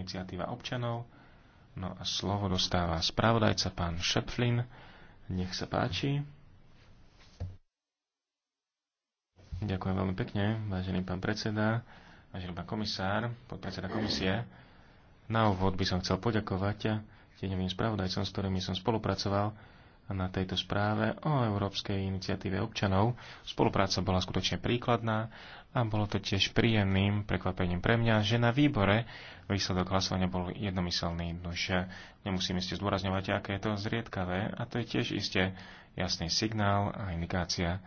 iniciatíva občanov. No a slovo dostáva spravodajca pán Šepflin. Nech sa páči. Ďakujem veľmi pekne, vážený pán predseda, vážený pán komisár, podpredseda komisie. Na úvod by som chcel poďakovať tieňovým spravodajcom, s ktorými som spolupracoval na tejto správe o Európskej iniciatíve občanov. Spolupráca bola skutočne príkladná a bolo to tiež príjemným prekvapením pre mňa, že na výbore výsledok hlasovania bol jednomyselný, nož e, nemusíme ste zdôrazňovať, aké je to zriedkavé a to je tiež iste jasný signál a indikácia,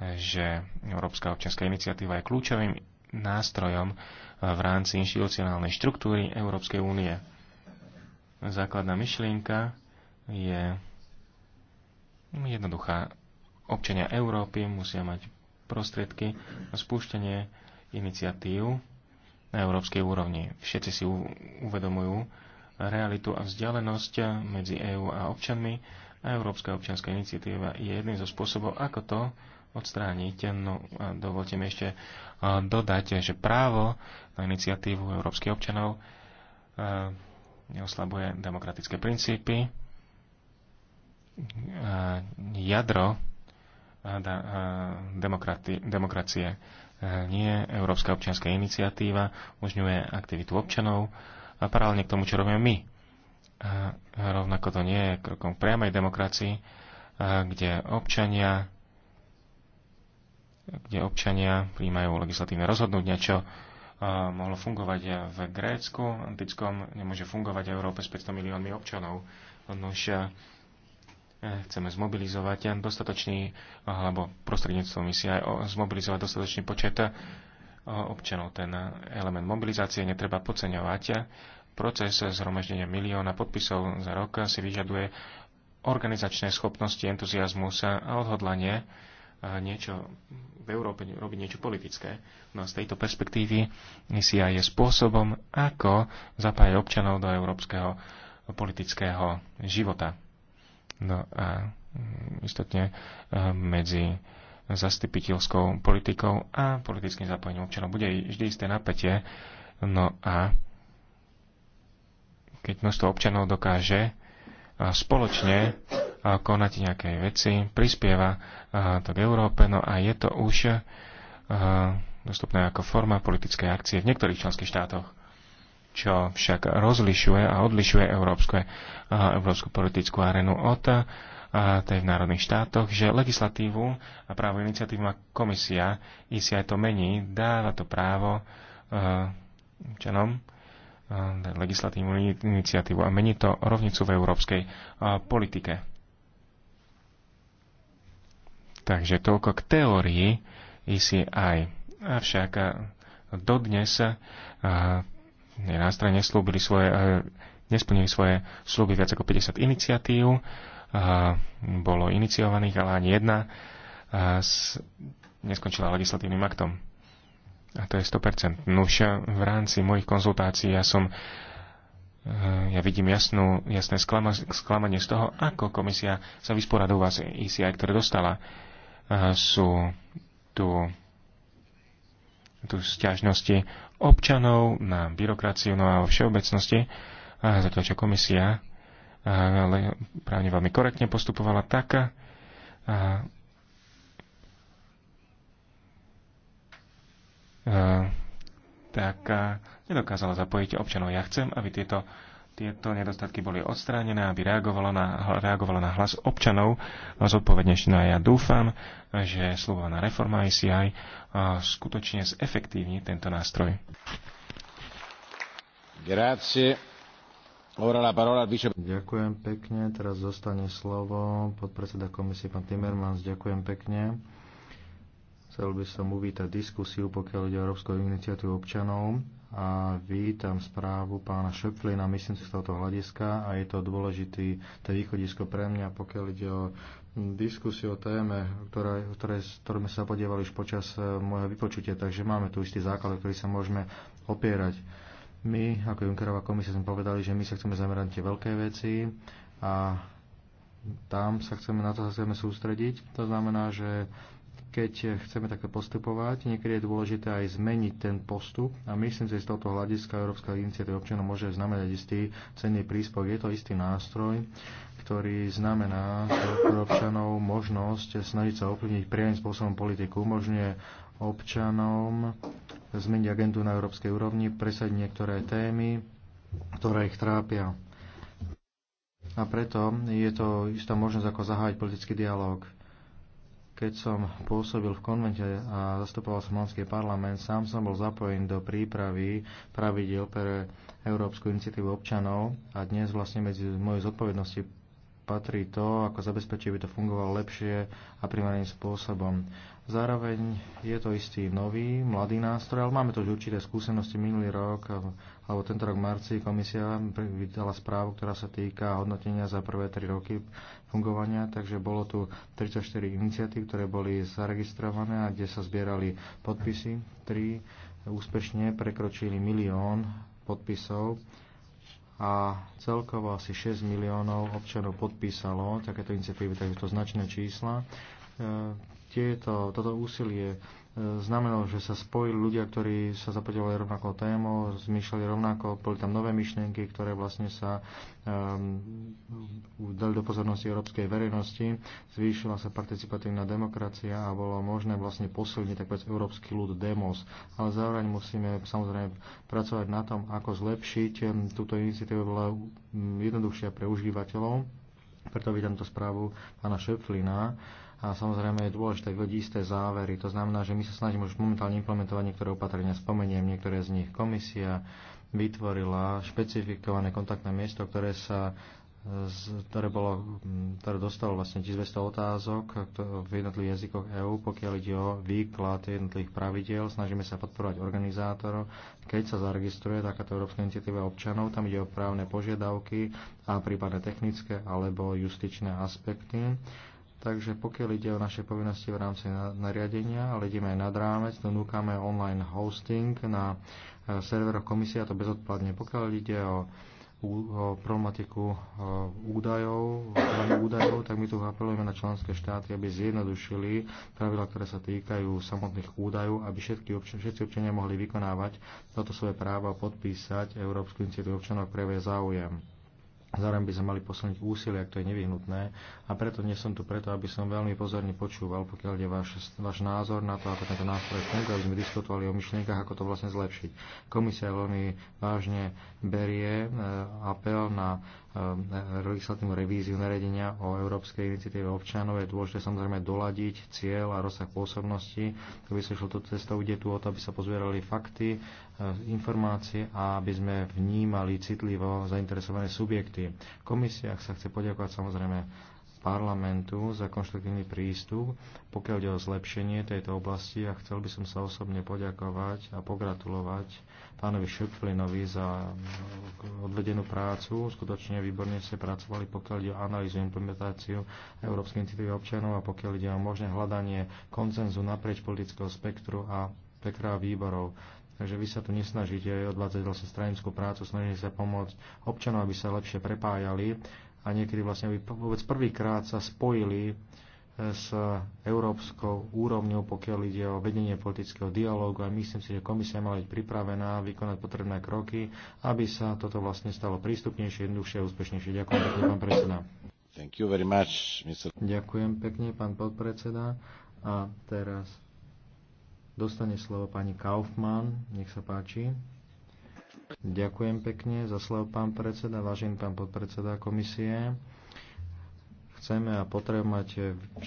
e, že Európska občianská iniciatíva je kľúčovým nástrojom e, v rámci inštitucionálnej štruktúry Európskej únie. Základná myšlienka je jednoduchá. Občania Európy musia mať prostriedky na spúšťanie iniciatív na európskej úrovni. Všetci si uvedomujú realitu a vzdialenosť medzi EÚ a občanmi a Európska občianská iniciatíva je jedným zo spôsobov, ako to odstrániť. No a dovolte mi ešte dodať, že právo na iniciatívu európskych občanov neoslabuje demokratické princípy, Eh, jadro eh, eh, demokracie. Nie Európska občianská iniciatíva umožňuje aktivitu občanov a paralelne k tomu, čo robíme my. A rovnako to nie je krokom priamej demokracii, kde občania kde občania príjmajú legislatívne rozhodnutia, čo mohlo fungovať v Grécku antickom, nemôže fungovať v Európe s 500 miliónmi občanov. Nož chceme zmobilizovať dostatočný, alebo prostredníctvom misie aj zmobilizovať dostatočný počet eh, občanov. Ten element mobilizácie netreba podceňovať. Proces zhromaždenia milióna podpisov za rok si vyžaduje organizačné schopnosti, entuziasmus a odhodlanie eh, niečo v Európe robiť niečo politické. No a z tejto perspektívy misia je spôsobom, ako zapájať občanov do európskeho politického života. No a mm, istotne eh, medzi zastupiteľskou politikou a politickým zapojením občanov bude vždy isté napätie. No a keď množstvo občanov dokáže eh, spoločne eh, konať nejaké veci, prispieva to k Európe, no a je to už dostupné ako forma politickej akcie v niektorých členských štátoch čo však rozlišuje a odlišuje európske, eh, európsku politickú arenu od eh, tej v národných štátoch, že legislatívu a právo iniciatív má komisia, aj to mení, dáva to právo eh, občanom legislatívnu iniciatívu a mení to rovnicu v európskej politike. Takže toľko k teórii ICI, Avšak dodnes nástroj neslúbili svoje, eh, nesplnili svoje sluby viac ako 50 iniciatív, eh, bolo iniciovaných, ale ani jedna eh, neskončila legislatívnym aktom. A to je 100%. Nuž v rámci mojich konzultácií ja som ja vidím jasnú, jasné sklama, sklamanie z toho, ako komisia sa vysporadová z ICI, e ktoré dostala. Sú tu tu sťažnosti občanov na byrokraciu, no a vo všeobecnosti, a za to, čo komisia ale právne veľmi korektne postupovala tak, a, tak a nedokázala zapojiť občanov. Ja chcem, aby tieto tieto nedostatky boli odstránené, aby reagovalo na, reagovalo na hlas občanov zodpovednejšie. No a ja dúfam, že slúbovaná reforma ICI skutočne zefektívni tento nástroj. Grazie. Ora la parola vice... Ďakujem pekne. Teraz zostane slovo podpredseda komisie pán Timmermans. Ďakujem pekne. Chcel by som uvítať diskusiu, pokiaľ ide o Európsku iniciatívu občanov a vítam správu pána Šeplina, myslím si z tohoto hľadiska a je to dôležitý to východisko pre mňa, pokiaľ ide o diskusiu o téme, ktoré, ktoré, ktoré sme sa podievali už počas e, môjho vypočutia, takže máme tu istý základ, ktorý sa môžeme opierať. My, ako Junckerová komisia, sme povedali, že my sa chceme zamerať na tie veľké veci a tam sa chceme, na to sa chceme sústrediť. To znamená, že keď chceme takto postupovať. Niekedy je dôležité aj zmeniť ten postup a myslím, že z tohto hľadiska Európska iniciatíva občanov môže znamenať istý cenný príspevok. Je to istý nástroj, ktorý znamená pre občanov možnosť snažiť sa ovplyvniť priamým spôsobom politiku. Umožňuje občanom zmeniť agendu na európskej úrovni, presadiť niektoré témy, ktoré ich trápia. A preto je to istá možnosť, ako zahájiť politický dialog. Keď som pôsobil v konvente a zastupoval som Lanský parlament, sám som bol zapojený do prípravy pravidiel pre Európsku iniciatívu občanov a dnes vlastne medzi mojou zodpovednosti patrí to, ako zabezpečiť, aby to fungovalo lepšie a primárnym spôsobom. Zároveň je to istý nový, mladý nástroj, ale máme to už určité skúsenosti. Minulý rok, alebo tento rok v marci, komisia vydala správu, ktorá sa týka hodnotenia za prvé 3 roky fungovania, takže bolo tu 34 iniciatív, ktoré boli zaregistrované a kde sa zbierali podpisy. 3 úspešne prekročili milión podpisov a celkovo asi 6 miliónov občanov podpísalo takéto iniciatívy, takže to značné čísla. E, tieto, toto úsilie znamenalo, že sa spojili ľudia, ktorí sa zapodívali rovnako tému, zmýšľali rovnako, boli tam nové myšlienky, ktoré vlastne sa um, dali do pozornosti európskej verejnosti, zvýšila sa participatívna demokracia a bolo možné vlastne posilniť tak povedz, európsky ľud demos. Ale zároveň musíme samozrejme pracovať na tom, ako zlepšiť ehm, túto iniciatívu bola mm, jednoduchšia pre užívateľov. Preto vidím tú správu pána Šeflina, a samozrejme je dôležité vyvodiť isté závery. To znamená, že my sa snažíme už momentálne implementovať niektoré opatrenia. Spomeniem niektoré z nich. Komisia vytvorila špecifikované kontaktné miesto, ktoré sa ktoré, bolo, ktoré dostalo vlastne 1200 otázok v jednotlivých jazykoch EÚ, pokiaľ ide o výklad jednotlivých pravidiel. Snažíme sa podporovať organizátorov. Keď sa zaregistruje takáto Európska iniciatíva občanov, tam ide o právne požiadavky a prípadne technické alebo justičné aspekty. Takže pokiaľ ide o naše povinnosti v rámci nariadenia, ale ideme aj nad rámec, donúkame online hosting na e, serveroch komisia, to bezodpadne. Pokiaľ ide o, o problematiku e, údajov, údajov, tak my tu apelujeme na členské štáty, aby zjednodušili pravidla, ktoré sa týkajú samotných údajov, aby všetky obč- všetci občania mohli vykonávať toto svoje právo a podpísať Európsku iniciatívu občanov, ktoré záujem. Zároveň by sme mali posilniť úsilie, ak to je nevyhnutné. A preto nie som tu preto, aby som veľmi pozorne počúval, pokiaľ je váš, váš názor na to, ako tento nástroj funguje, aby sme diskutovali o myšlienkach, ako to vlastne zlepšiť. Komisia veľmi vážne berie e, apel na Eh, legislatívnu revíziu naredenia o Európskej iniciatíve občanov. Je dôležité samozrejme doladiť cieľ a rozsah pôsobnosti. aby by sa išlo tú cestou, ide tu o to, aby sa pozbierali fakty, eh, informácie a aby sme vnímali citlivo zainteresované subjekty. Komisia sa chce poďakovať samozrejme parlamentu za konštruktívny prístup, pokiaľ ide o zlepšenie tejto oblasti a chcel by som sa osobne poďakovať a pogratulovať pánovi Šuplinovi za eh, odvedenú prácu. Skutočne výborne ste pracovali, pokiaľ ide o analýzu implementáciu Európskej iniciatívy občanov a pokiaľ ide o možné hľadanie koncenzu naprieč politického spektru a pekra výborov. Takže vy sa tu nesnažíte odvádzať vlastne stranickú prácu, snažíte sa pomôcť občanom, aby sa lepšie prepájali a niekedy vlastne aby vôbec prvýkrát sa spojili s európskou úrovňou, pokiaľ ide o vedenie politického dialógu a myslím si, že komisia mala byť pripravená vykonať potrebné kroky, aby sa toto vlastne stalo prístupnejšie, jednoduchšie a úspešnejšie. Ďakujem pekne, pán predseda. Thank you very much, Mr. Ďakujem pekne, pán podpredseda. A teraz dostane slovo pani Kaufmann. Nech sa páči. Ďakujem pekne za slovo, pán predseda, vážený pán podpredseda komisie. Chceme a potrebujeme mať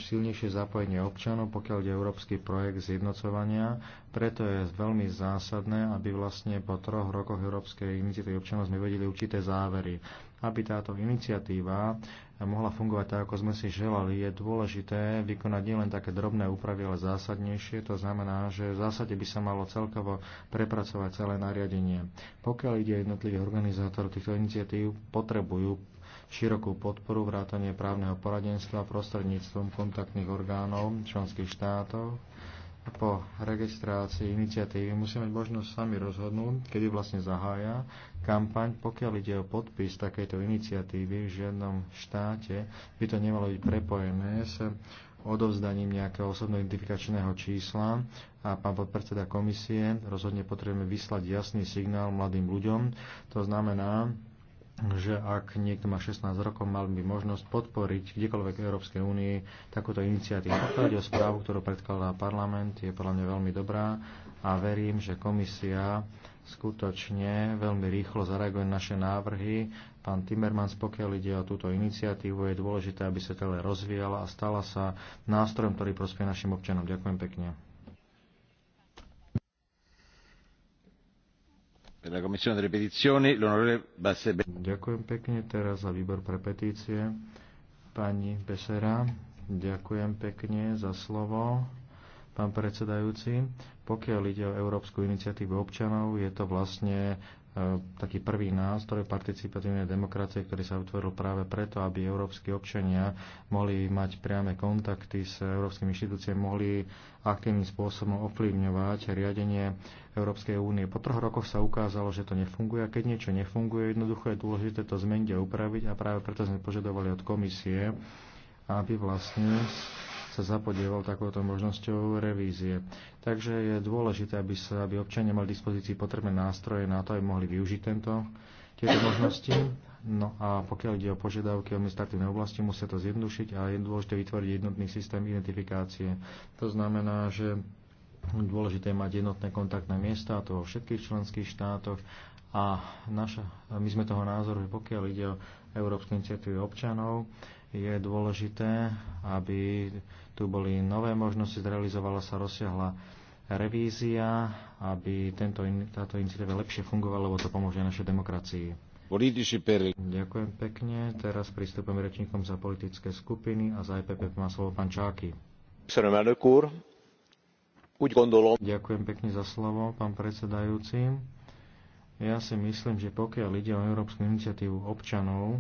silnejšie zapojenie občanov, pokiaľ je európsky projekt zjednocovania. Preto je veľmi zásadné, aby vlastne po troch rokoch Európskej iniciatívy občanov sme vedeli určité závery. Aby táto iniciatíva mohla fungovať tak, ako sme si želali, je dôležité vykonať nielen také drobné úpravy, ale zásadnejšie. To znamená, že v zásade by sa malo celkovo prepracovať celé nariadenie. Pokiaľ ide jednotlivých organizátorov týchto iniciatív, potrebujú širokú podporu vrátanie právneho poradenstva prostredníctvom kontaktných orgánov členských štátov. A po registrácii iniciatívy musí mať možnosť sami rozhodnúť, kedy vlastne zahája kampaň. Pokiaľ ide o podpis takejto iniciatívy v žiadnom štáte, by to nemalo byť prepojené s odovzdaním nejakého osobno identifikačného čísla a pán podpredseda komisie rozhodne potrebujeme vyslať jasný signál mladým ľuďom. To znamená, že ak niekto má 16 rokov, mal by možnosť podporiť kdekoľvek Európskej únii takúto iniciatívu. Pokiaľ o správu, ktorú predkladá parlament, je podľa mňa veľmi dobrá a verím, že komisia skutočne veľmi rýchlo zareaguje na naše návrhy. Pán Timmermans, pokiaľ ide o túto iniciatívu, je dôležité, aby sa tele rozvíjala a stala sa nástrojom, ktorý prospie našim občanom. Ďakujem pekne. Ďakujem pekne teraz za výbor pre petície. Pani Besera, ďakujem pekne za slovo. Pán predsedajúci, pokiaľ ide o Európsku iniciatívu občanov, je to vlastne E, taký prvý nástroj participatívnej demokracie, ktorý sa utvoril práve preto, aby európsky občania mohli mať priame kontakty s európskymi inštitúciami, mohli aktívnym spôsobom ovplyvňovať riadenie Európskej únie. Po troch rokoch sa ukázalo, že to nefunguje a keď niečo nefunguje, jednoducho je dôležité to zmeniť a upraviť a práve preto sme požadovali od komisie, aby vlastne sa zapodieval takouto možnosťou revízie. Takže je dôležité, aby, sa, aby občania mali v dispozícii potrebné nástroje na to, aby mohli využiť tento, tieto možnosti. No a pokiaľ ide o požiadavky administratívnej oblasti, musia to zjednodušiť a je dôležité vytvoriť jednotný systém identifikácie. To znamená, že dôležité je mať jednotné kontaktné miesta, a to vo všetkých členských štátoch a naša, my sme toho názoru, že pokiaľ ide o Európsku iniciatívu občanov, je dôležité, aby tu boli nové možnosti, zrealizovala sa rozsiahla revízia, aby tento, táto iniciatíva lepšie fungovala, lebo to pomôže našej demokracii. Ďakujem pekne. Teraz pristúpim rečníkom za politické skupiny a za EPP má slovo pán Čáky. Ďakujem pekne za slovo, pán predsedajúci. Ja si myslím, že pokiaľ ide o Európsku iniciatívu občanov,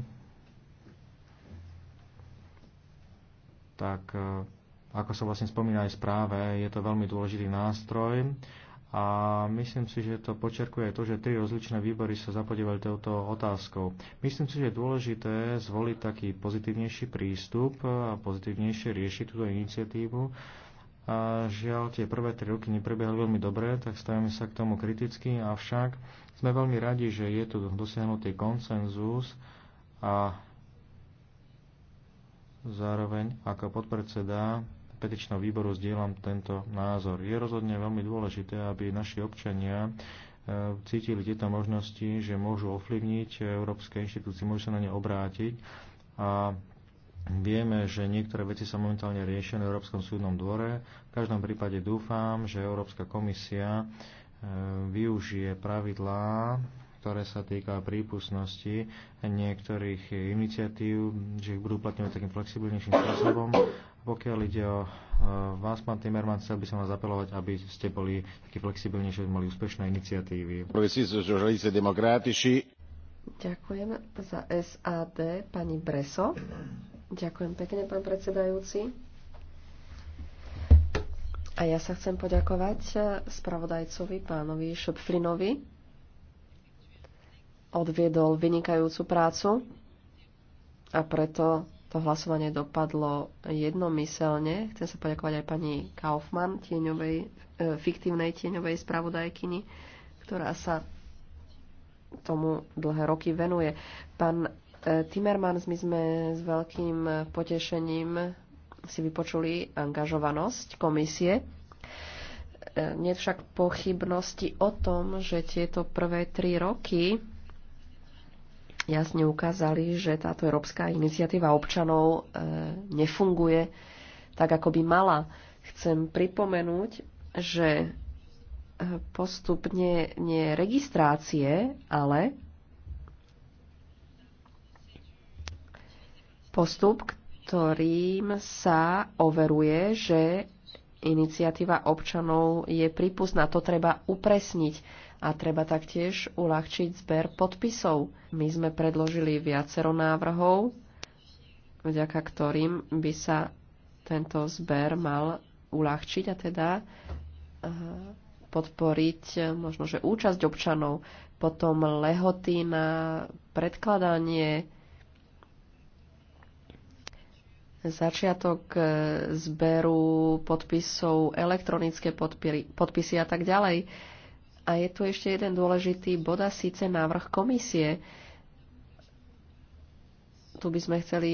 tak e, ako sa vlastne spomínal aj v správe, je to veľmi dôležitý nástroj a myslím si, že to počerkuje to, že tri rozličné výbory sa zapodívali touto otázkou. Myslím si, že je dôležité zvoliť taký pozitívnejší prístup a pozitívnejšie riešiť túto iniciatívu. A žiaľ, tie prvé tri roky neprebiehali veľmi dobre, tak stavíme sa k tomu kriticky, avšak sme veľmi radi, že je tu dosiahnutý konsenzus a Zároveň ako podpredseda petičného výboru zdieľam tento názor. Je rozhodne veľmi dôležité, aby naši občania e, cítili tieto možnosti, že môžu ovplyvniť európske inštitúcie, môžu sa na ne obrátiť a Vieme, že niektoré veci sa momentálne riešia na Európskom súdnom dvore. V každom prípade dúfam, že Európska komisia e, využije pravidlá ktoré sa týka prípustnosti niektorých iniciatív, že ich budú uplatňovať takým flexibilnejším spôsobom. Pokiaľ ide o e, vás, pán Timerman, chcel by som vás zapelovať, aby ste boli takí flexibilnejší, aby mali úspešné iniciatívy. Ďakujem za SAD, pani Breso. Ďakujem pekne, pán predsedajúci. A ja sa chcem poďakovať spravodajcovi, pánovi Šopflinovi, odviedol vynikajúcu prácu a preto to hlasovanie dopadlo jednomyselne. Chcem sa poďakovať aj pani Kaufmann, tieňovej, e, fiktívnej tieňovej spravodajkyni, ktorá sa tomu dlhé roky venuje. Pán e, Timmermans, my sme s veľkým potešením si vypočuli angažovanosť komisie. E, nie však pochybnosti o tom, že tieto prvé tri roky jasne ukázali, že táto európska iniciatíva občanov e, nefunguje tak, ako by mala. Chcem pripomenúť, že e, postupne nie registrácie, ale postup, ktorým sa overuje, že iniciatíva občanov je prípustná. To treba upresniť a treba taktiež uľahčiť zber podpisov. My sme predložili viacero návrhov, vďaka ktorým by sa tento zber mal uľahčiť a teda eh, podporiť eh, možno, že účasť občanov, potom lehoty na predkladanie, začiatok eh, zberu podpisov, elektronické podpisy, podpisy a tak ďalej. A je tu ešte jeden dôležitý bod a síce návrh komisie. Tu by sme chceli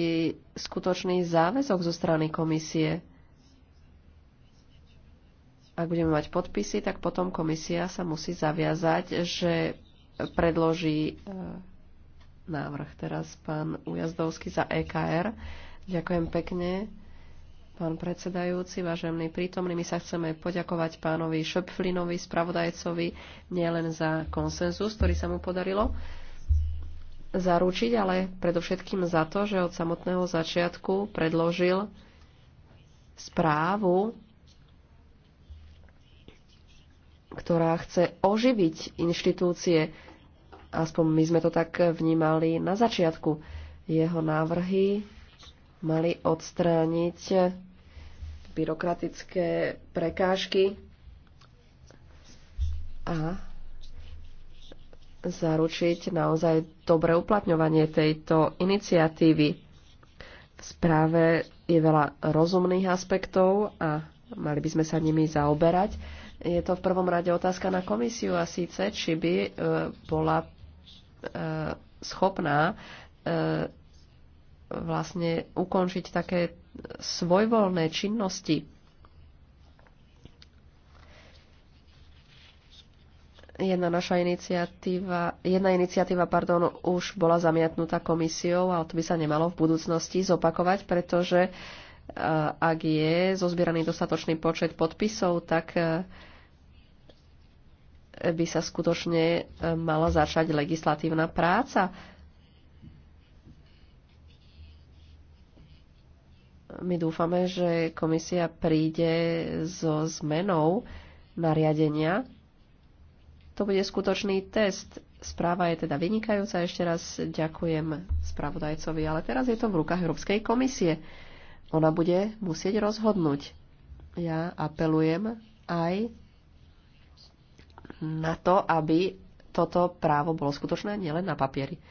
skutočný záväzok zo strany komisie. Ak budeme mať podpisy, tak potom komisia sa musí zaviazať, že predloží e, návrh. Teraz pán Ujazdovský za EKR. Ďakujem pekne. Pán predsedajúci, vážený prítomný, my sa chceme poďakovať pánovi Šöpflinovi, spravodajcovi, nielen za konsenzus, ktorý sa mu podarilo zaručiť, ale predovšetkým za to, že od samotného začiatku predložil správu, ktorá chce oživiť inštitúcie. Aspoň my sme to tak vnímali na začiatku. Jeho návrhy mali odstrániť byrokratické prekážky a zaručiť naozaj dobré uplatňovanie tejto iniciatívy. V správe je veľa rozumných aspektov a mali by sme sa nimi zaoberať. Je to v prvom rade otázka na komisiu a síce, či by e, bola e, schopná e, vlastne ukončiť také svojvoľné činnosti. Jedna naša iniciatíva, jedna iniciatíva pardon, už bola zamiatnutá komisiou, ale to by sa nemalo v budúcnosti zopakovať, pretože e, ak je zozbieraný dostatočný počet podpisov, tak e, by sa skutočne e, mala začať legislatívna práca my dúfame, že komisia príde so zmenou nariadenia. To bude skutočný test. Správa je teda vynikajúca. Ešte raz ďakujem spravodajcovi, ale teraz je to v rukách Európskej komisie. Ona bude musieť rozhodnúť. Ja apelujem aj na to, aby toto právo bolo skutočné nielen na papieri.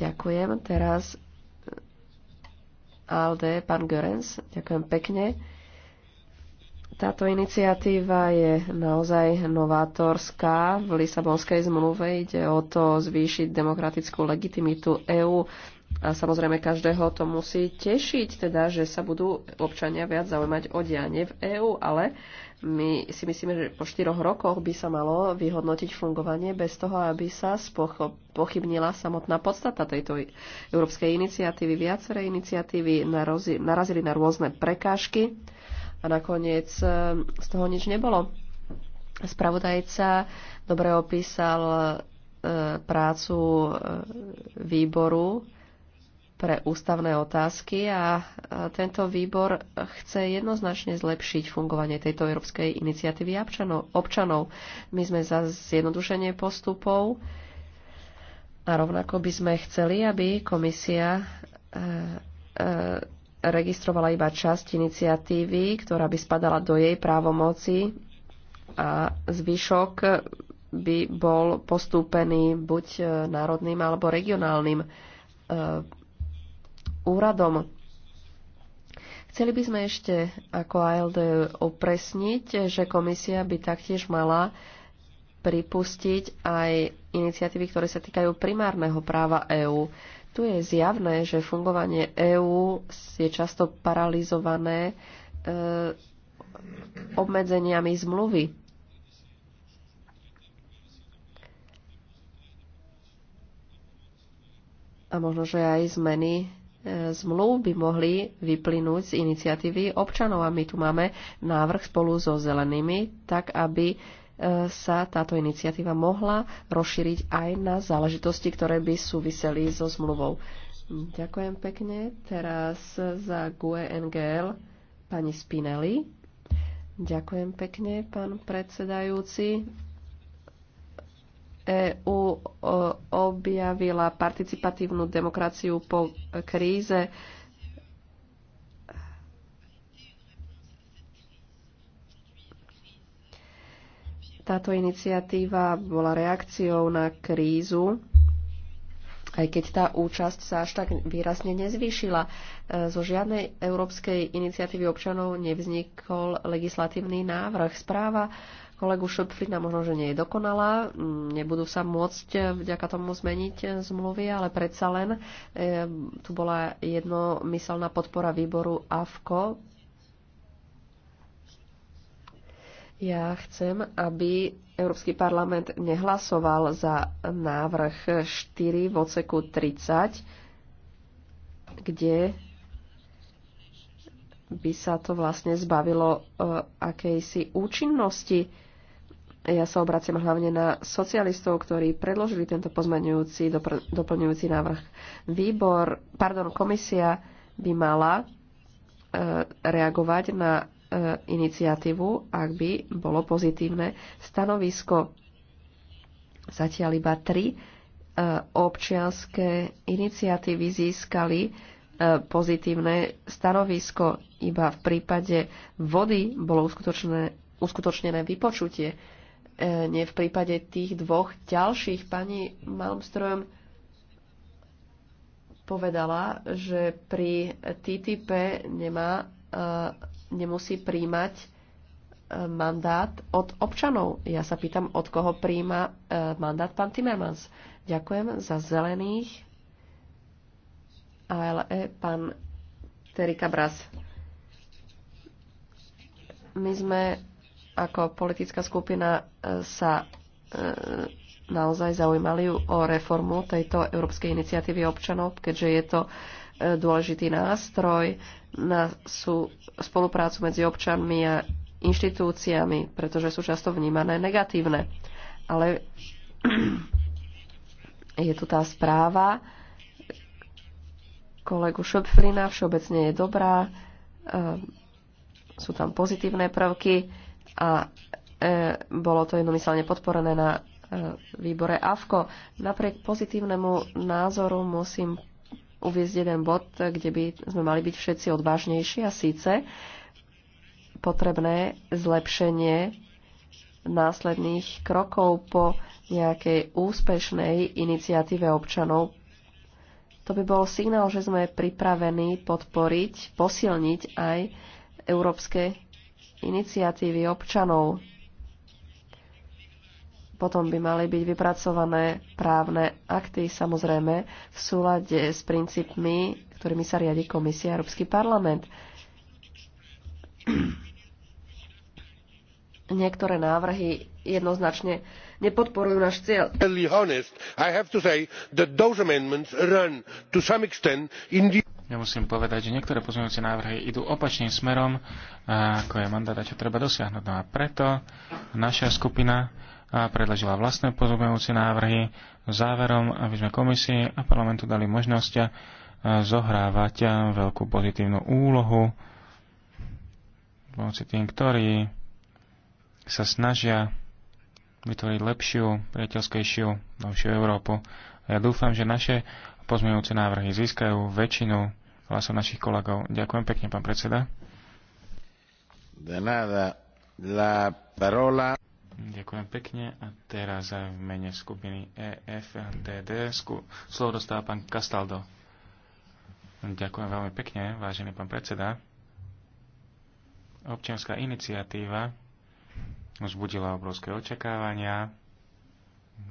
Ďakujem. Teraz eh, ALD, pán Görens. Ďakujem pekne. Táto iniciatíva je naozaj novátorská. V Lisabonskej zmluve ide o to zvýšiť demokratickú legitimitu EÚ a samozrejme každého to musí tešiť, teda, že sa budú občania viac zaujímať o dianie v EÚ, ale my si myslíme, že po štyroch rokoch by sa malo vyhodnotiť fungovanie bez toho, aby sa pochybnila samotná podstata tejto európskej iniciatívy. Viaceré iniciatívy narazili na rôzne prekážky a nakoniec e, z toho nič nebolo. Spravodajca dobre opísal e, prácu e, výboru pre ústavné otázky a tento výbor chce jednoznačne zlepšiť fungovanie tejto európskej iniciatívy občanov. My sme za zjednodušenie postupov a rovnako by sme chceli, aby komisia e, e, registrovala iba časť iniciatívy, ktorá by spadala do jej právomoci a zvyšok by bol postúpený buď e, národným alebo regionálnym úradom. Chceli by sme ešte ako ALD upresniť, že komisia by taktiež mala pripustiť aj iniciatívy, ktoré sa týkajú primárneho práva EÚ. Tu je zjavné, že fungovanie EÚ je často paralizované e, obmedzeniami zmluvy. A možno, že aj zmeny zmluv by mohli vyplynúť z iniciatívy občanov. A my tu máme návrh spolu so zelenými, tak aby e, sa táto iniciatíva mohla rozšíriť aj na záležitosti, ktoré by súviseli so zmluvou. Ďakujem pekne. Teraz za GUE NGL pani Spinelli. Ďakujem pekne, pán predsedajúci. EÚ objavila participatívnu demokraciu po kríze. Táto iniciatíva bola reakciou na krízu, aj keď tá účasť sa až tak výrazne nezvýšila. E, zo žiadnej európskej iniciatívy občanov nevznikol legislatívny návrh. Správa kolegu Šupfrida možno, že nie je dokonalá. Mm, Nebudú sa môcť eh, vďaka tomu zmeniť eh, zmluvy, ale predsa len e, tu bola jednomyselná podpora výboru AFKO. Ja chcem, aby Európsky parlament nehlasoval za návrh 4 v oceku 30, kde by sa to vlastne zbavilo akejsi účinnosti ja sa obraciam hlavne na socialistov, ktorí predložili tento pozmeňujúci, dopr- doplňujúci návrh. Výbor, pardon, komisia by mala e, reagovať na e, iniciatívu, ak by bolo pozitívne stanovisko. Zatiaľ iba tri e, občianské iniciatívy získali e, pozitívne stanovisko. Iba v prípade vody bolo uskutočnené, uskutočnené vypočutie nie v prípade tých dvoch ďalších. Pani Malmström povedala, že pri TTP nemá, e, nemusí príjmať e, mandát od občanov. Ja sa pýtam, od koho príjma e, mandát pán Timmermans. Ďakujem za zelených. ALE, pán Terika Bras. My sme ako politická skupina e, sa e, naozaj zaujímali o reformu tejto Európskej iniciatívy občanov, keďže je to e, dôležitý nástroj na sú spoluprácu medzi občanmi a inštitúciami, pretože sú často vnímané negatívne. Ale je tu tá správa kolegu Šopflina, všeobecne je dobrá, sú tam pozitívne prvky a e, bolo to jednomyselne podporené na e, výbore AFKO. Napriek pozitívnemu názoru musím uviezť jeden bod, kde by sme mali byť všetci odvážnejší a síce potrebné zlepšenie následných krokov po nejakej úspešnej iniciatíve občanov. To by bol signál, že sme pripravení podporiť, posilniť aj európske iniciatívy občanov. Potom by mali byť vypracované právne akty, samozrejme, v súlade s princípmi, ktorými sa riadi Komisia a Európsky parlament. Niektoré návrhy jednoznačne nepodporujú náš cieľ. honest, I have to say that those amendments run to some extent in the ja musím povedať, že niektoré pozmeňujúce návrhy idú opačným smerom, ako je mandát a čo treba dosiahnuť. No a preto naša skupina predložila vlastné pozmeňujúce návrhy záverom, aby sme komisii a parlamentu dali možnosť zohrávať veľkú pozitívnu úlohu pomoci tým, ktorí sa snažia vytvoriť lepšiu, priateľskejšiu, novšiu Európu. A ja dúfam, že naše pozmeňujúce návrhy získajú väčšinu hlasov našich kolegov. Ďakujem pekne, pán predseda. Ďakujem pekne. A teraz v mene skupiny EFDD slovo dostáva pán Castaldo. Ďakujem veľmi pekne, vážený pán predseda. Občianská iniciatíva vzbudila obrovské očakávania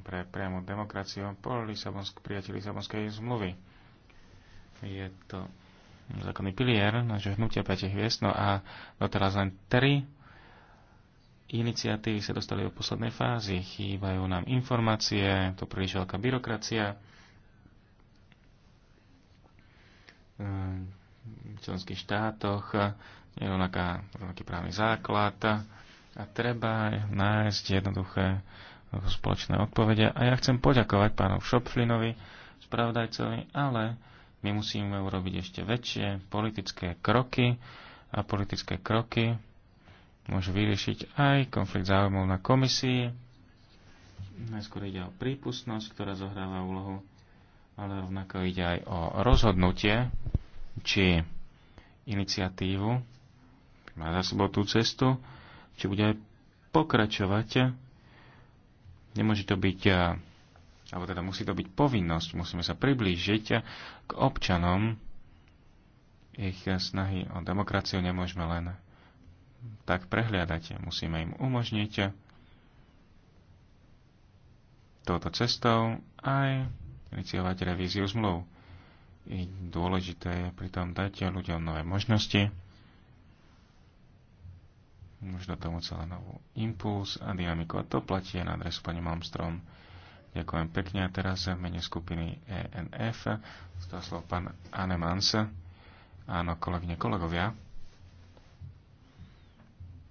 pre priamu demokraciu po Lisabonsk, prijatí Lisabonskej zmluvy. Je to zákonný pilier nášho hnutia 5 hviezd, no a doteraz len 3 iniciatívy sa dostali do poslednej fázy. Chýbajú nám informácie, to príliš veľká byrokracia. V členských štátoch je rovnaká, rovnaký právny základ a treba nájsť jednoduché spoločné odpovede. A ja chcem poďakovať pánu Šopflinovi, spravodajcovi, ale my musíme urobiť ešte väčšie politické kroky a politické kroky môžu vyriešiť aj konflikt záujmov na komisii. Najskôr ide o prípustnosť, ktorá zohráva úlohu, ale rovnako ide aj o rozhodnutie, či iniciatívu, má za sebou tú cestu, či bude aj pokračovať. Nemôže to byť alebo teda musí to byť povinnosť, musíme sa priblížiť k občanom. Ich snahy o demokraciu nemôžeme len tak prehliadať. Musíme im umožniť touto cestou aj iniciovať revíziu zmluv. I dôležité je pritom dať ľuďom nové možnosti, možno tomu celé novú impuls a dynamiku. A to platí na adresu pani Malmstrom. Ďakujem pekne. A teraz v mene skupiny ENF dostal pán Anemans. Áno, kolegyne, kolegovia.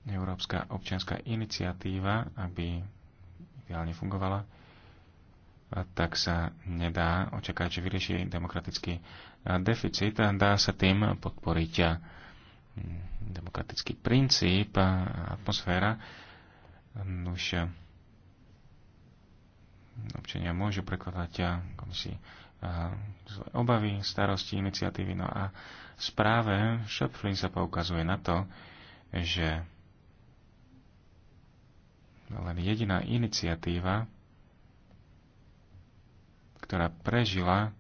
Európska občianská iniciatíva, aby ideálne fungovala, tak sa nedá očakávať, že vyrieši demokratický deficit. Dá sa tým podporiť mm, demokratický princíp a atmosféra. Už občania môžu prekladať eh, si eh, obavy, starosti, iniciatívy. No a v správe Schöpflin sa poukazuje na to, že len jediná iniciatíva, ktorá prežila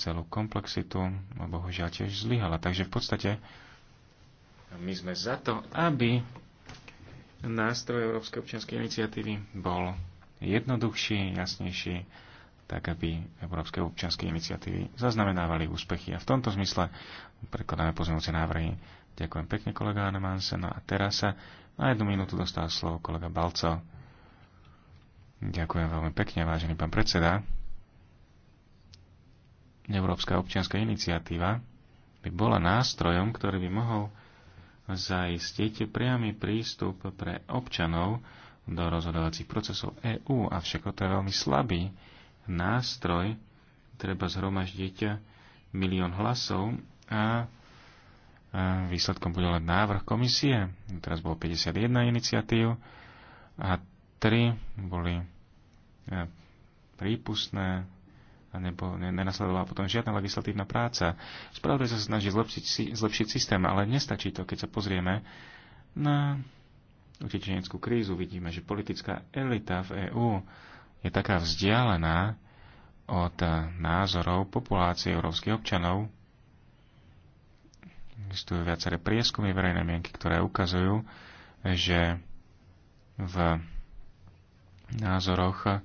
celú komplexitu, no bohužiaľ tiež zlyhala. Takže v podstate my sme za to, aby nástroj Európskej občianskej iniciatívy bol jednoduchší, jasnejší, tak aby európske občianske iniciatívy zaznamenávali úspechy. A v tomto zmysle prekladáme pozmeňujúce návrhy. Ďakujem pekne, kolega Anemansen. No a teraz sa na jednu minútu dostal slovo kolega Balco. Ďakujem veľmi pekne, vážený pán predseda. Európska občianská iniciatíva by bola nástrojom, ktorý by mohol zaistiť priamy prístup pre občanov do rozhodovacích procesov EÚ, avšak to je veľmi slabý nástroj, treba zhromaždiť milión hlasov a výsledkom bude len návrh komisie. Teraz bolo 51 iniciatív a 3 boli e, prípustné a nebo, nenasledovala potom žiadna legislatívna práca. Spravodaj sa snaží zlepšiť, zlepšiť systém, ale nestačí to, keď sa pozrieme na utečeneckú krízu, vidíme, že politická elita v EÚ je taká vzdialená od názorov populácie európskych občanov. Existujú viaceré prieskumy verejnej mienky, ktoré ukazujú, že v názoroch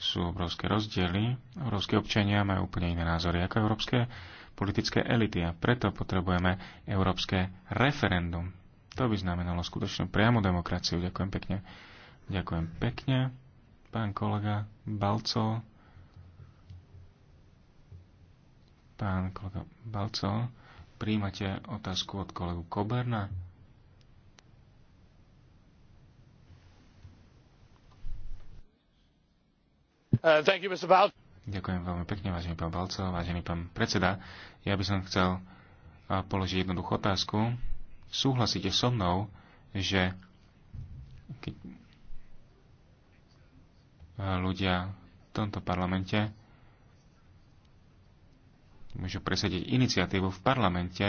sú obrovské rozdiely. Európske občania majú úplne iné názory ako európske politické elity a preto potrebujeme európske referendum. To by znamenalo skutočnú priamu demokraciu. Ďakujem pekne. Ďakujem pekne, pán kolega Balco. Pán kolega Balco, príjmate otázku od kolegu Koberna? Uh, you, Ďakujem veľmi pekne, vážený pán Balco, vážený pán predseda. Ja by som chcel uh, položiť jednoduchú otázku súhlasíte so mnou, že keď ľudia v tomto parlamente môžu presadiť iniciatívu v parlamente,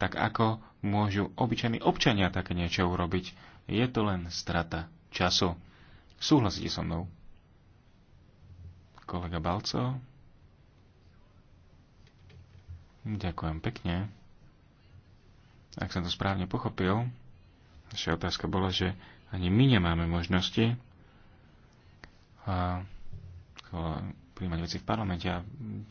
tak ako môžu obyčajní občania také niečo urobiť. Je to len strata času. Súhlasíte so mnou? Kolega Balco? Ďakujem pekne ak som to správne pochopil, naša otázka bola, že ani my nemáme možnosti a, a, príjmať veci v parlamente a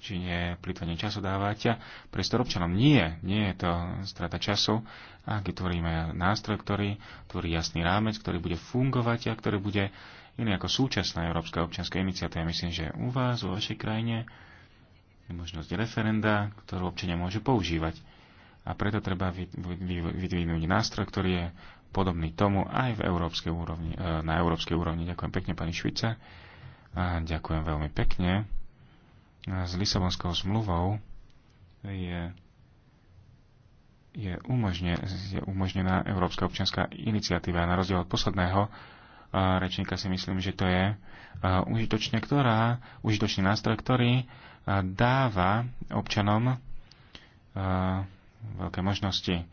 či nie plýtvanie času dávať a priestor občanom. Nie, nie je to strata času, ak tvoríme nástroj, ktorý tvorí jasný rámec, ktorý bude fungovať a ktorý bude iný ako súčasná Európska občianská iniciatíva. Myslím, že u vás, vo vašej krajine je možnosť referenda, ktorú občania môžu používať a preto treba vyvinúť nástroj, ktorý je podobný tomu aj v európskej úrovni, e, na európskej úrovni. Ďakujem pekne, pani Švica. A ďakujem veľmi pekne. S Lisabonskou zmluvou je, je, umožne, je umožnená Európska občianská iniciatíva. Na rozdiel od posledného e, rečníka si myslím, že to je e, užitočne, ktorá, užitočný nástroj, ktorý dáva občanom veľké možnosti.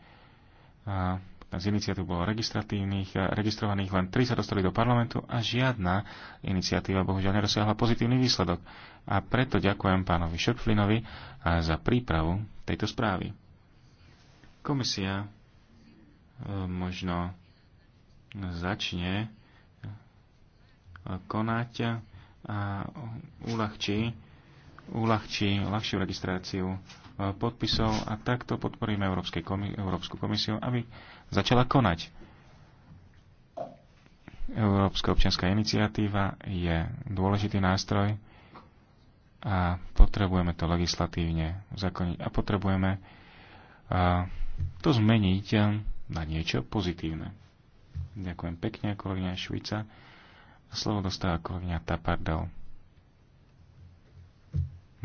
A z iniciatív bolo registratívnych, eh, registrovaných len 3 sa dostali do parlamentu a žiadna iniciatíva bohužiaľ nerosiahla pozitívny výsledok. A preto ďakujem pánovi Šepflinovi eh, za prípravu tejto správy. Komisia eh, možno začne konať a uľahčí, uľahčí ľahšiu registráciu Eh, podpisov a takto podporíme komi- Európsku komisiu, aby začala konať. Európska občianská iniciatíva je dôležitý nástroj a potrebujeme to legislatívne zakoniť a potrebujeme eh, to zmeniť eh, na niečo pozitívne. Ďakujem pekne, kolegyňa Švica. Slovo dostáva kolegyňa Tapardel.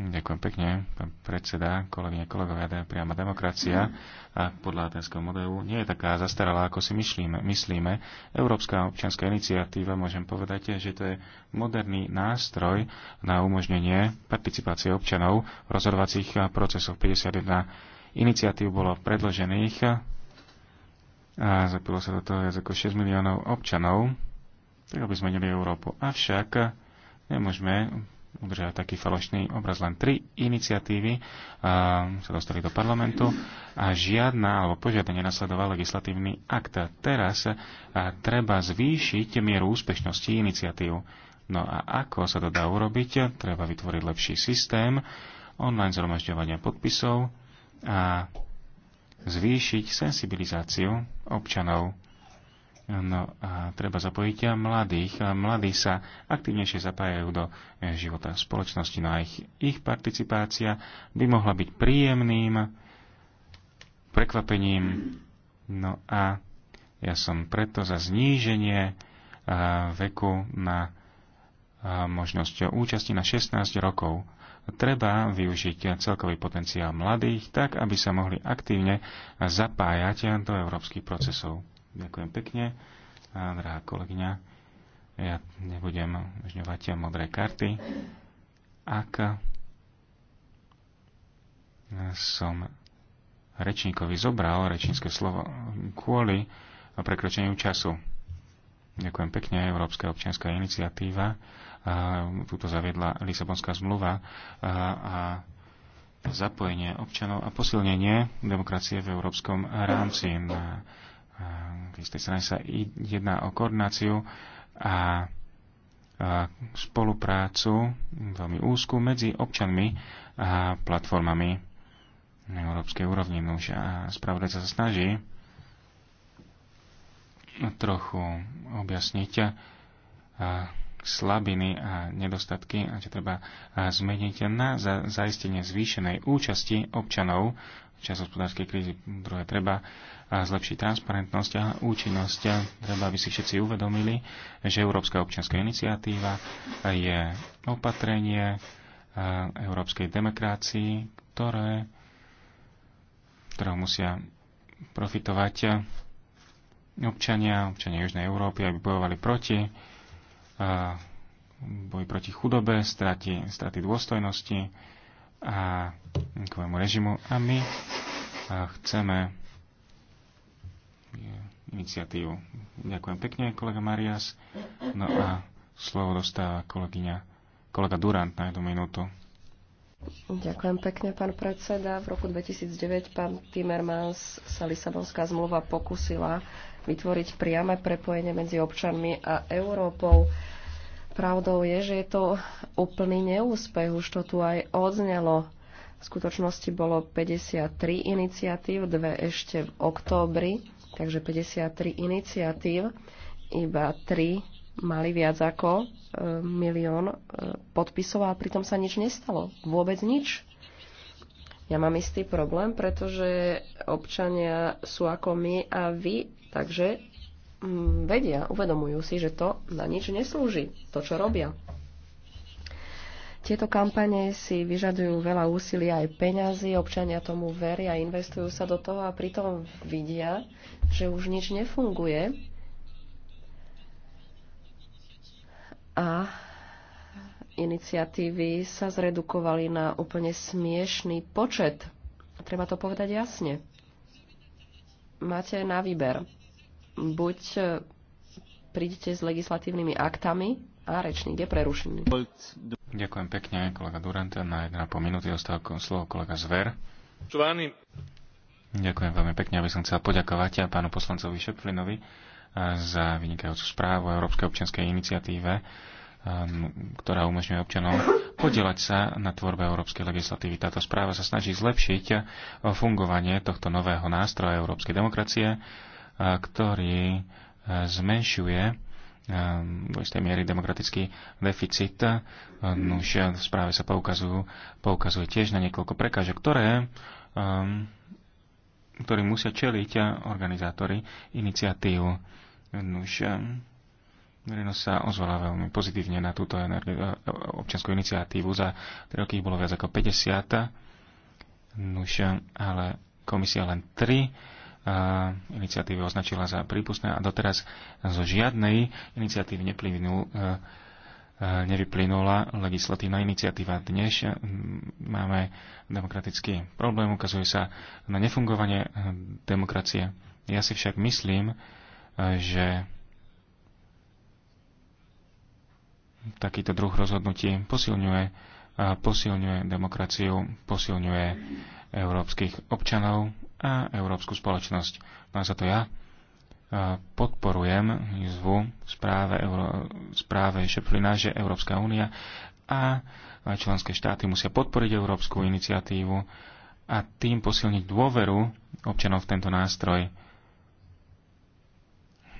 Ďakujem pekne, pán predseda, kolegyne, kolegovia, priama demokracia a podľa atenského modelu nie je taká zastaralá, ako si myslíme. myslíme. Európska občianská iniciatíva, môžem povedať, že to je moderný nástroj na umožnenie participácie občanov v rozhodovacích procesoch 51 iniciatív bolo predložených a zapilo sa do toho viac ako 6 miliónov občanov, tak aby zmenili Európu. Avšak nemôžeme udržia taký falošný obraz. Len tri iniciatívy uh, sa dostali do parlamentu a žiadna alebo požiadanie nasledoval legislatívny akt. Teraz uh, treba zvýšiť mieru úspešnosti iniciatív. No a ako sa to dá urobiť? Treba vytvoriť lepší systém online zhromažďovania podpisov a zvýšiť sensibilizáciu občanov No a treba zapojiť a mladých. A mladí sa aktívnejšie zapájajú do e, života spoločnosti, no a ich, ich participácia by mohla byť príjemným prekvapením. No a ja som preto za zníženie e, veku na e, možnosť účasti na 16 rokov. Treba využiť celkový potenciál mladých tak, aby sa mohli aktívne zapájať do európskych procesov. Ďakujem pekne. A drahá kolegyňa, ja nebudem umožňovať modré karty. Ak som rečníkovi zobral rečnícke slovo kvôli prekročeniu času. Ďakujem pekne, Európska občianská iniciatíva. tuto zaviedla Lisabonská zmluva a, a zapojenie občanov a posilnenie demokracie v európskom rámci. Na, v ehm, istej strane sa jedná o koordináciu a spoluprácu veľmi úzku medzi občanmi a platformami na európskej úrovni. No už a spravodajca sa snaží trochu objasniť slabiny a nedostatky a že treba zmeniť na za, zaistenie zvýšenej účasti občanov v čas hospodárskej krízy. Druhé, treba zlepšiť transparentnosť a účinnosť. Treba, aby si všetci uvedomili, že Európska občianská iniciatíva je opatrenie európskej demokracii, ktoré, ktorého musia profitovať občania, občania Južnej Európy, aby bojovali proti boj proti chudobe, straty, straty dôstojnosti a kovému režimu. A my chceme iniciatívu. Ďakujem pekne, kolega Marias. No a slovo dostáva kolegyňa, kolega Durant na jednu minútu. Ďakujem pekne, pán predseda. V roku 2009 pán Timmermans sa Lisabonská zmluva pokusila vytvoriť priame prepojenie medzi občanmi a Európou. Pravdou je, že je to úplný neúspech, už to tu aj odznelo. V skutočnosti bolo 53 iniciatív, dve ešte v októbri, takže 53 iniciatív, iba 3 mali viac ako e, milión e, podpisov a pritom sa nič nestalo. Vôbec nič. Ja mám istý problém, pretože občania sú ako my a vy Takže mm, vedia, uvedomujú si, že to na nič neslúži, to, čo robia. Tieto kampane si vyžadujú veľa úsilia aj peňazí, občania tomu veria, investujú sa do toho a pritom vidia, že už nič nefunguje. A iniciatívy sa zredukovali na úplne smiešný počet. Treba to povedať jasne. Máte na výber buď e, prídete s legislatívnymi aktami a rečník je prerušený. Ďakujem pekne, kolega Durante. Na 1,5 minúty dostal slovo kolega Zver. Čovány. Ďakujem veľmi pekne, aby som chcel poďakovať a pánu poslancovi Šepflinovi e, za vynikajúcu správu Európskej občianskej iniciatíve, e, ktorá umožňuje občanom podielať sa na tvorbe európskej legislatívy. Táto správa sa snaží zlepšiť fungovanie tohto nového nástroja európskej demokracie, ktorý e, zmenšuje v e, istej miery demokratický deficit. E, už v správe sa poukazujú, poukazuje tiež na niekoľko prekážok, ktoré, ktorým musia čeliť organizátori iniciatív. Už verejnosť sa ozvala veľmi pozitívne na túto občianskú iniciatívu. Za 3 roky bolo viac ako 50, už, ale komisia len 3 iniciatívy označila za prípustné a doteraz zo žiadnej iniciatívy neplynul e, e, nevyplynula legislatívna iniciatíva. Dnes e, máme demokratický problém, ukazuje sa na nefungovanie demokracie. Ja si však myslím, že takýto druh rozhodnutí posilňuje, posilňuje demokraciu, posilňuje európskych občanov a európsku spoločnosť. No a za to ja e, podporujem výzvu správe, Euró- správe Šeplina, že Európska únia a členské štáty musia podporiť európsku iniciatívu a tým posilniť dôveru občanov v tento nástroj.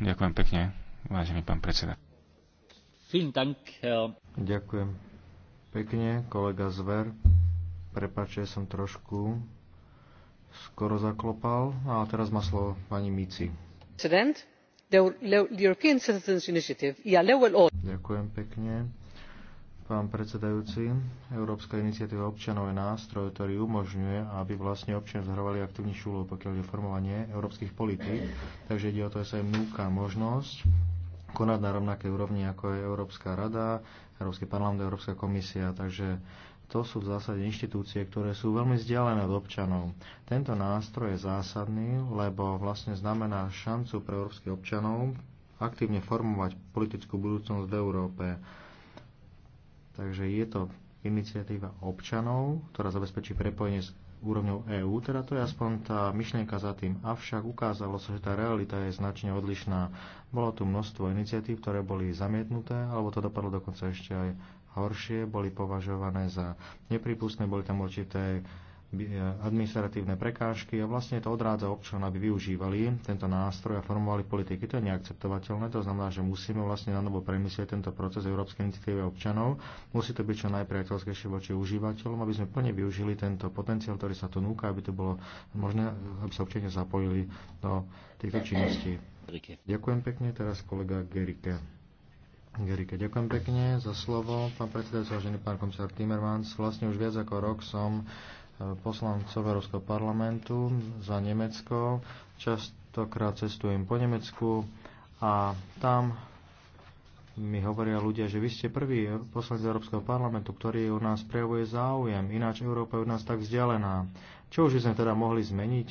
Ďakujem pekne, vážený pán predseda. Ďakujem pekne, kolega Zver. Prepačte, som trošku skoro zaklopal. A teraz má slovo pani Mici. Ďakujem pekne. Pán predsedajúci, Európska iniciatíva občanov je nástroj, ktorý umožňuje, aby vlastne občania zhrávali aktívnejšiu úlohu, pokiaľ je formovanie európskych politík. Takže ide o to, že sa im núka možnosť konať na rovnakej úrovni, ako je Európska rada, Európsky parlament, Európska komisia. Takže to sú v zásade inštitúcie, ktoré sú veľmi vzdialené od občanov. Tento nástroj je zásadný, lebo vlastne znamená šancu pre európskych občanov aktívne formovať politickú budúcnosť v Európe. Takže je to iniciatíva občanov, ktorá zabezpečí prepojenie s úrovňou EÚ, teda to je aspoň tá myšlienka za tým. Avšak ukázalo sa, že tá realita je značne odlišná. Bolo tu množstvo iniciatív, ktoré boli zamietnuté, alebo to dopadlo dokonca ešte aj horšie, boli považované za nepripustné, boli tam určité eh, administratívne prekážky a vlastne to odrádza občanov, aby využívali tento nástroj a formovali politiky. To je neakceptovateľné, to znamená, že musíme vlastne na novo premyslieť tento proces Európskej iniciatívy občanov. Musí to byť čo najpriateľskejšie voči užívateľom, aby sme plne využili tento potenciál, ktorý sa tu núka, aby to bolo možné, aby sa občania zapojili do týchto činností. Ďakujem pekne, teraz kolega Gerike. Gerike, ďakujem pekne za slovo. Pán predseda vážený pán komisár Timmermans, vlastne už viac ako rok som e, poslancov Európskeho parlamentu za Nemecko. Častokrát cestujem po Nemecku a tam mi hovoria ľudia, že vy ste prvý poslanec Európskeho parlamentu, ktorý u nás prejavuje záujem, ináč Európa je od nás tak vzdialená. Čo už sme teda mohli zmeniť?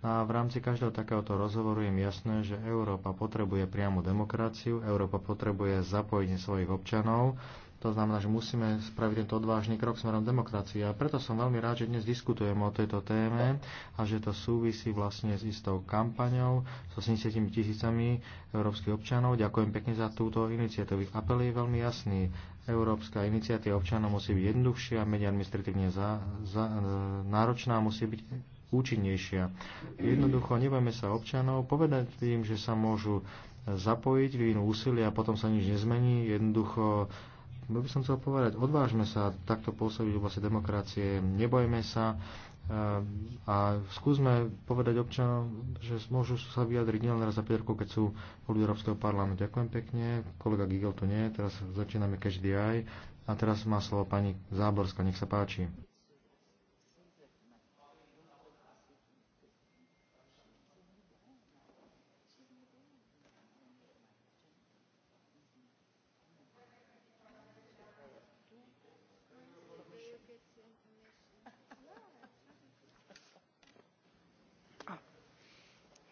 No a v rámci každého takéhoto rozhovoru je jasné, že Európa potrebuje priamu demokraciu, Európa potrebuje zapojenie svojich občanov, to znamená, že musíme spraviť tento odvážny krok smerom demokracie. A preto som veľmi rád, že dnes diskutujeme o tejto téme a že to súvisí vlastne s istou kampaňou so 70 tisícami európskych občanov. Ďakujem pekne za túto iniciatívu. Apel je veľmi jasný. Európska iniciatíva občanov musí byť jednoduchšia, menej administratívne za, za, e, náročná, musí byť účinnejšia. Jednoducho nebojme sa občanov, povedať tým, že sa môžu zapojiť, vyvinú úsilie a potom sa nič nezmení. Jednoducho, by som chcel povedať, odvážme sa takto pôsobiť v oblasti demokracie, nebojme sa e, a skúsme povedať občanom, že môžu sa vyjadriť nielen raz za 5 rokov, keď sú voľby Európskeho parlamentu. Ďakujem pekne, kolega Gigel tu nie, teraz začíname každý aj a teraz má slovo pani Záborská, nech sa páči.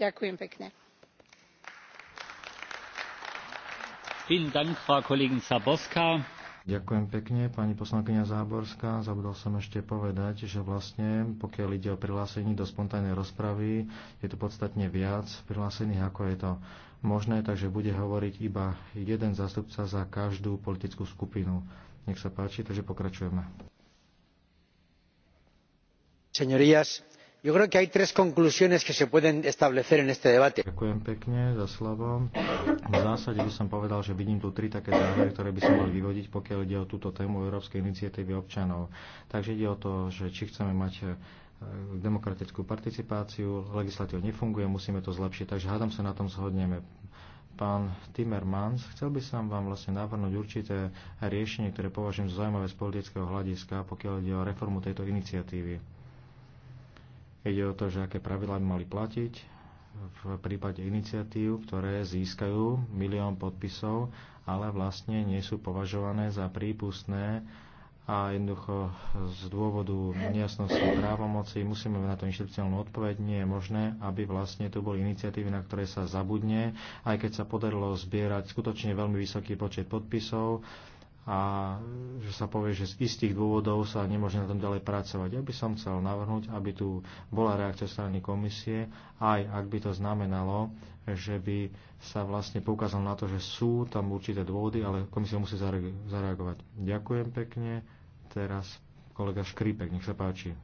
ďakujem pekne. Ďakujem pekne, pani poslankyňa Záborská. Zabudol som ešte povedať, že vlastne, pokiaľ ide o prihlásení do spontánnej rozpravy, je tu podstatne viac prihlásených, ako je to možné, takže bude hovoriť iba jeden zástupca za každú politickú skupinu. Nech sa páči, takže pokračujeme. Señorías, yo creo que hay tres conclusiones que se pueden establecer en este debate. Ďakujem pekne za slovo. V zásade by som povedal, že vidím tu tri také závery, ktoré by som mal vyvodiť, pokiaľ ide o túto tému Európskej iniciatívy občanov. Takže ide o to, že či chceme mať e, demokratickú participáciu, legislatíva nefunguje, musíme to zlepšiť, takže hádam sa na tom zhodneme. Pán Timmermans, chcel by som vám vlastne navrhnúť určité riešenie, ktoré považujem za zaujímavé z politického hľadiska, pokiaľ ide o reformu tejto iniciatívy Ide o to, že aké pravidlá by mali platiť v prípade iniciatív, ktoré získajú milión podpisov, ale vlastne nie sú považované za prípustné a jednoducho z dôvodu nejasnosti právomoci musíme na to inštitucionálnu odpoveď. Nie je možné, aby vlastne tu boli iniciatívy, na ktoré sa zabudne, aj keď sa podarilo zbierať skutočne veľmi vysoký počet podpisov a že sa povie, že z istých dôvodov sa nemôže na tom ďalej pracovať. Ja by som chcel navrhnúť, aby tu bola reakcia strany komisie, aj ak by to znamenalo, že by sa vlastne poukázalo na to, že sú tam určité dôvody, ale komisia musí zareagovať. Ďakujem pekne. Teraz kolega Škrípek, nech sa páči.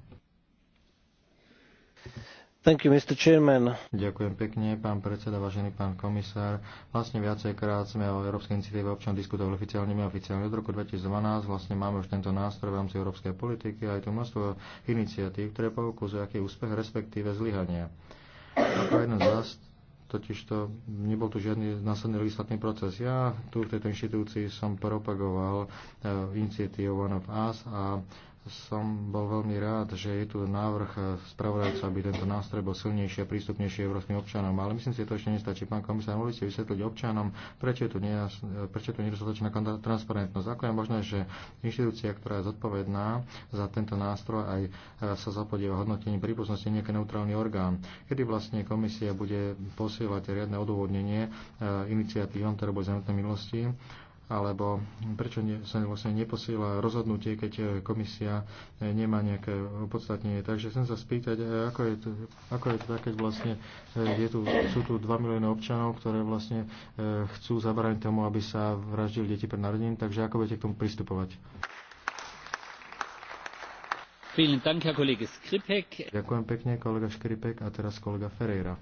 You, Ďakujem pekne, pán predseda, vážený pán komisár. Vlastne viacejkrát sme o Európskej iniciatíve občan diskutovali oficiálne my oficiálne. Od roku 2012 vlastne máme už tento nástroj v rámci európskej politiky a je tu množstvo iniciatív, ktoré poukazujú, aký úspech, respektíve zlyhania. Ako jeden z vás, totiž to nebol tu žiadny následný legislatívny proces. Ja tu v tejto inštitúcii som propagoval eh, iniciatívu One of Us a som bol veľmi rád, že je tu návrh spravodajca, aby tento nástroj bol silnejší a prístupnejší európskym občanom. Ale myslím si, že to ešte nestačí. Pán komisár, mohli ste vysvetliť občanom, prečo je tu, nejas, prečo je tu nedostatočná transparentnosť. Ako je možné, že inštitúcia, ktorá je zodpovedná za tento nástroj, aj e, sa zapodieva hodnotení prípustnosti nejaký neutrálny orgán. Kedy vlastne komisia bude posielať riadne odôvodnenie e, iniciatívom, ktoré boli zamietné minulosti alebo prečo ne, sa vlastne neposiela rozhodnutie, keď eh, komisia eh, nemá nejaké opodstatnenie. Takže chcem sa spýtať, eh, ako je to, ako je to tak, keď vlastne je tu, sú tu 2 milióny občanov, ktoré vlastne chcú zabrániť tomu, aby sa vraždili deti pred narodením, takže ako budete k tomu pristupovať? Ďakujem pekne, kolega Škripek a teraz kolega Ferreira.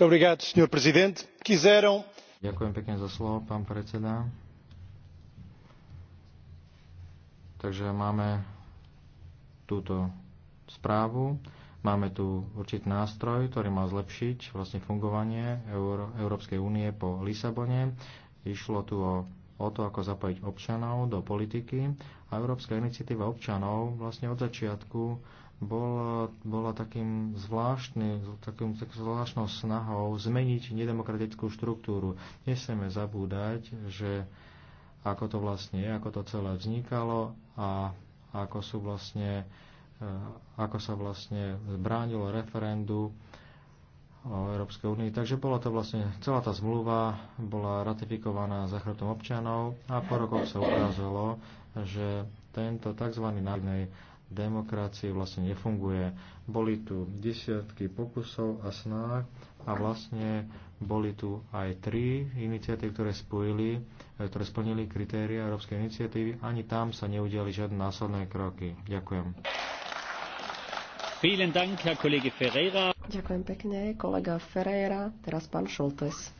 Ďakujem pekne za slovo, pán predseda. Takže máme túto správu, máme tu určitý nástroj, ktorý má zlepšiť vlastne fungovanie Európskej únie po Lisabone. Išlo tu o, o to, ako zapojiť občanov do politiky a Európska iniciatíva občanov vlastne od začiatku bola, bola takým zvláštnym, takým, takým zvláštnou snahou zmeniť nedemokratickú štruktúru. Nesieme zabúdať, že ako to vlastne je, ako to celé vznikalo a ako sú vlastne eh, ako sa vlastne bránilo referendu o Európskej únii. Takže bola to vlastne, celá tá zmluva bola ratifikovaná za chrbtom občanov a po rokoch sa ukázalo, že tento tzv. národnej demokracie vlastne nefunguje. Boli tu desiatky pokusov a snah a vlastne boli tu aj tri iniciatívy, ktoré, spojili, e, ktoré splnili kritéria Európskej iniciatívy. Ani tam sa neudiali žiadne následné kroky. Ďakujem. Ďakujem pekne, kolega Ferreira. Teraz pán Šoltes.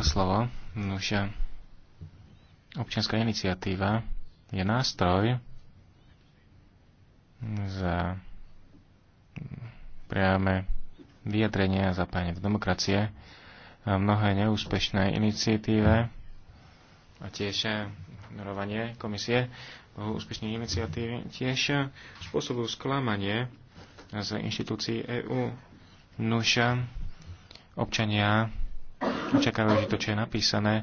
za slovo. Nože, občianská iniciatíva je nástroj za priame vyjadrenie a zapájanie do demokracie. A mnohé neúspešné iniciatíve a tiež ignorovanie komisie úspešných iniciatív tiež spôsobujú sklamanie z inštitúcií EÚ. Nuša občania očakávajú, že to, čo je napísané,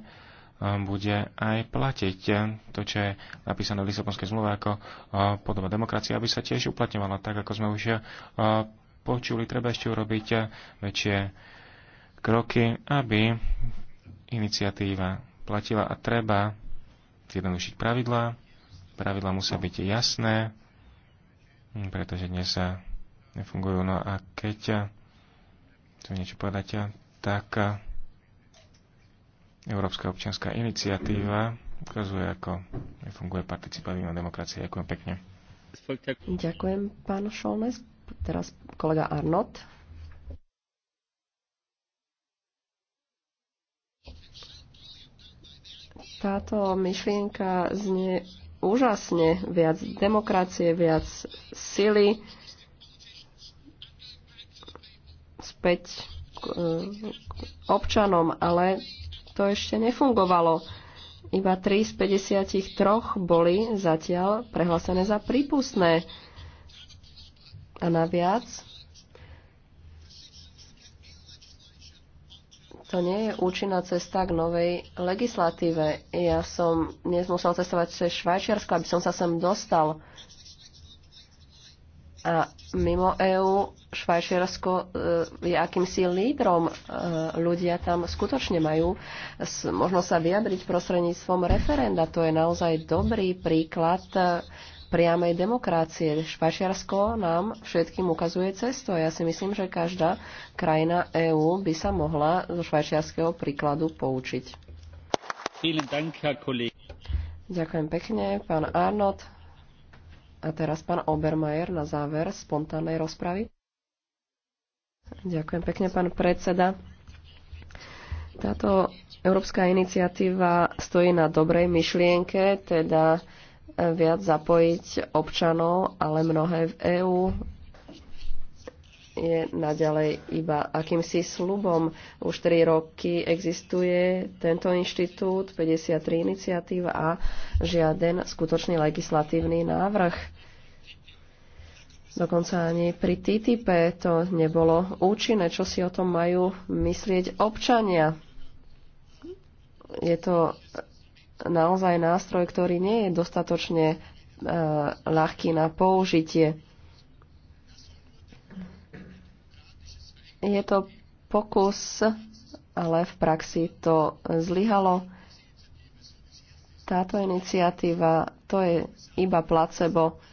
um, bude aj platiť to, čo je napísané v Lisabonskej zmluve ako uh, podoba demokracie, aby sa tiež uplatňovala tak, ako sme už uh, počuli. Treba ešte urobiť uh, väčšie kroky, aby iniciatíva platila a treba zjednodušiť pravidlá. Pravidlá musia byť jasné, pretože dnes sa nefungujú. No a keď chcem niečo povedať, tak Európska občianská iniciatíva ukazuje, ako funguje participatívna demokracia. Ďakujem pekne. Ďakujem, pán Šolnes. Teraz kolega Arnott. Táto myšlienka znie úžasne. Viac demokracie, viac sily. Späť k eh, občanom, ale to ešte nefungovalo. Iba 3 z 53 boli zatiaľ prehlásené za prípustné. A naviac, to nie je účinná cesta k novej legislatíve. Ja som dnes musel cestovať cez Švajčiarsko, aby som sa sem dostal. A mimo EÚ Švajčiarsko e, je akýmsi lídrom. E, ľudia tam skutočne majú možno sa vyjadriť prostredníctvom referenda. To je naozaj dobrý príklad e, priamej demokracie. Švajčiarsko nám všetkým ukazuje cestu a ja si myslím, že každá krajina EÚ by sa mohla zo švajčiarského príkladu poučiť. Ďakujem pekne, pán Arnold. A teraz pán Obermajer na záver spontánnej rozpravy. Ďakujem pekne, pán predseda. Táto európska iniciatíva stojí na dobrej myšlienke, teda viac zapojiť občanov, ale mnohé v EÚ je naďalej iba akýmsi slubom. Už tri roky existuje tento inštitút, 53 iniciatív a žiaden skutočný legislatívny návrh. Dokonca ani pri TTIP to nebolo účinné, čo si o tom majú myslieť občania. Je to naozaj nástroj, ktorý nie je dostatočne eh, ľahký na použitie Je to pokus, ale v praxi to zlyhalo. Táto iniciatíva to je iba placebo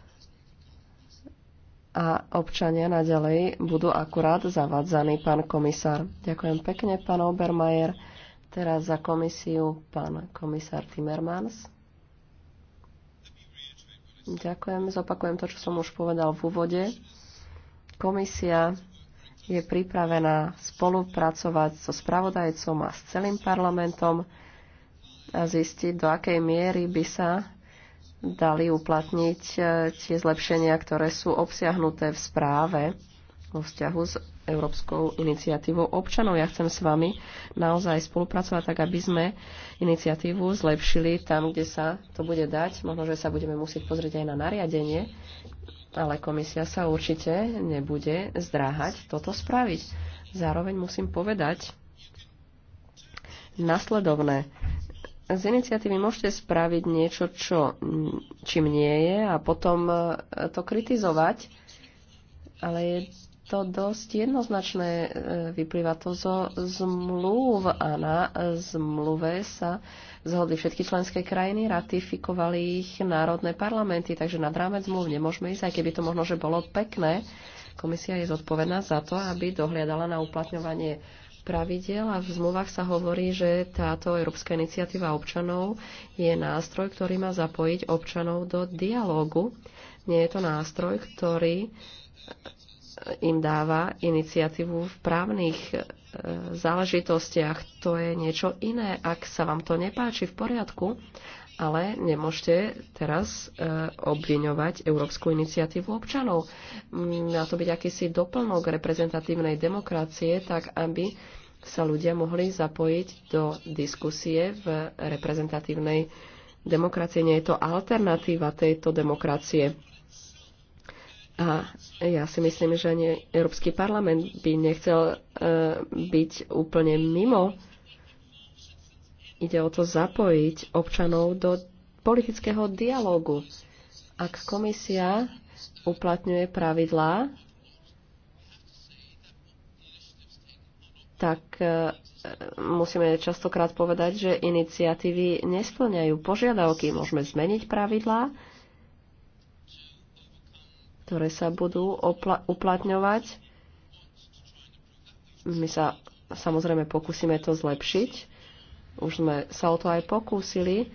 a občania naďalej budú akurát zavadzaní, pán komisár. Ďakujem pekne, pán Obermajer. Teraz za komisiu pán komisár Timmermans. Ďakujem, zopakujem to, čo som už povedal v úvode. Komisia je pripravená spolupracovať so spravodajcom a s celým parlamentom a zistiť, do akej miery by sa dali uplatniť e, tie zlepšenia, ktoré sú obsiahnuté v správe vo vzťahu s Európskou iniciatívou občanov. Ja chcem s vami naozaj spolupracovať tak, aby sme iniciatívu zlepšili tam, kde sa to bude dať. Možno, že sa budeme musieť pozrieť aj na nariadenie, ale komisia sa určite nebude zdráhať toto spraviť. Zároveň musím povedať nasledovné. Z iniciatívy môžete spraviť niečo, čo, čím nie je a potom e, to kritizovať, ale je to dosť jednoznačné. E, vyplýva to zo zmluv a na zmluve sa uh, zhodli všetky členské krajiny, ratifikovali ich národné parlamenty, takže nad rámec zmluv nemôžeme ísť, aj keby to možno, že bolo pekné. Komisia je zodpovedná za to, aby dohliadala na uplatňovanie pravidel a v zmluvách sa hovorí, že táto Európska iniciatíva občanov je nástroj, ktorý má zapojiť občanov do dialógu. Nie je to nástroj, ktorý im dáva iniciatívu v právnych E, záležitostiach, to je niečo iné. Ak sa vám to nepáči, v poriadku, ale nemôžete teraz e, obviňovať Európsku iniciatívu občanov. Má to byť akýsi doplnok reprezentatívnej demokracie, tak aby sa ľudia mohli zapojiť do diskusie v reprezentatívnej demokracie. Nie je to alternatíva tejto demokracie. A ja si myslím, že ani Európsky parlament by nechcel uh, byť úplne mimo. Ide o to zapojiť občanov do politického dialogu. Ak komisia uplatňuje pravidlá, tak uh, musíme častokrát povedať, že iniciatívy nesplňajú požiadavky. Môžeme zmeniť pravidlá, ktoré sa budú uplatňovať. My sa samozrejme pokúsime to zlepšiť. Už sme sa o to aj pokúsili.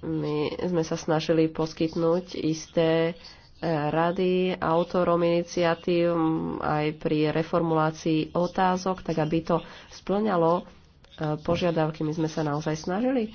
My sme sa snažili poskytnúť isté e, rady autorom iniciatív aj pri reformulácii otázok, tak aby to splňalo e, požiadavky. My sme sa naozaj snažili e,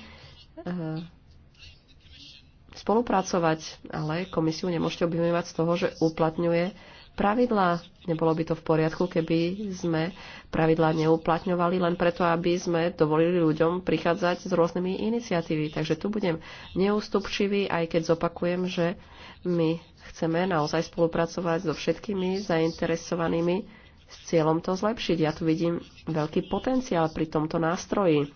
spolupracovať, ale komisiu nemôžete obvinovať z toho, že uplatňuje pravidlá. Nebolo by to v poriadku, keby sme pravidlá neuplatňovali len preto, aby sme dovolili ľuďom prichádzať s rôznymi iniciatívy. Takže tu budem neústupčivý, aj keď zopakujem, že my chceme naozaj spolupracovať so všetkými zainteresovanými s cieľom to zlepšiť. Ja tu vidím veľký potenciál pri tomto nástroji.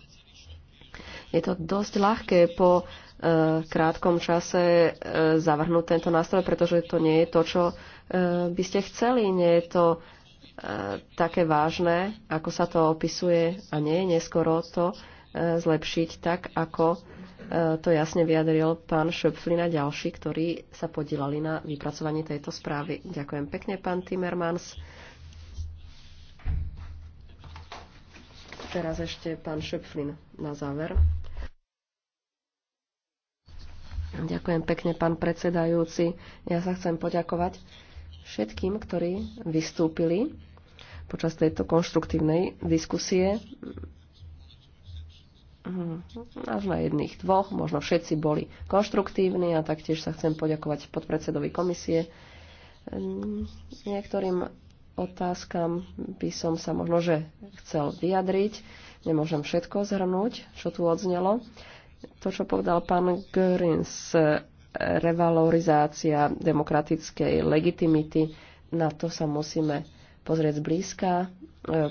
Je to dosť ľahké po E, krátkom čase e, zavrhnúť tento nástroj, pretože to nie je to, čo e, by ste chceli. Nie je to také vážne, ako sa to opisuje a nie je neskoro to zlepšiť tak, ako to jasne vyjadril pán Šöpflin a ďalší, ktorí sa podielali na vypracovaní tejto správy. Ďakujem pekne, pán Timmermans. Teraz ešte pán Šöpflin na záver. Ďakujem pekne, pán predsedajúci. Ja sa chcem poďakovať všetkým, ktorí vystúpili počas tejto konštruktívnej diskusie. Až na jedných dvoch, možno všetci boli konštruktívni a taktiež sa chcem poďakovať podpredsedovi komisie. Niektorým otázkam by som sa možno, že chcel vyjadriť. Nemôžem všetko zhrnúť, čo tu odznelo to, čo povedal pán Görins, revalorizácia demokratickej legitimity, na to sa musíme pozrieť zblízka, e,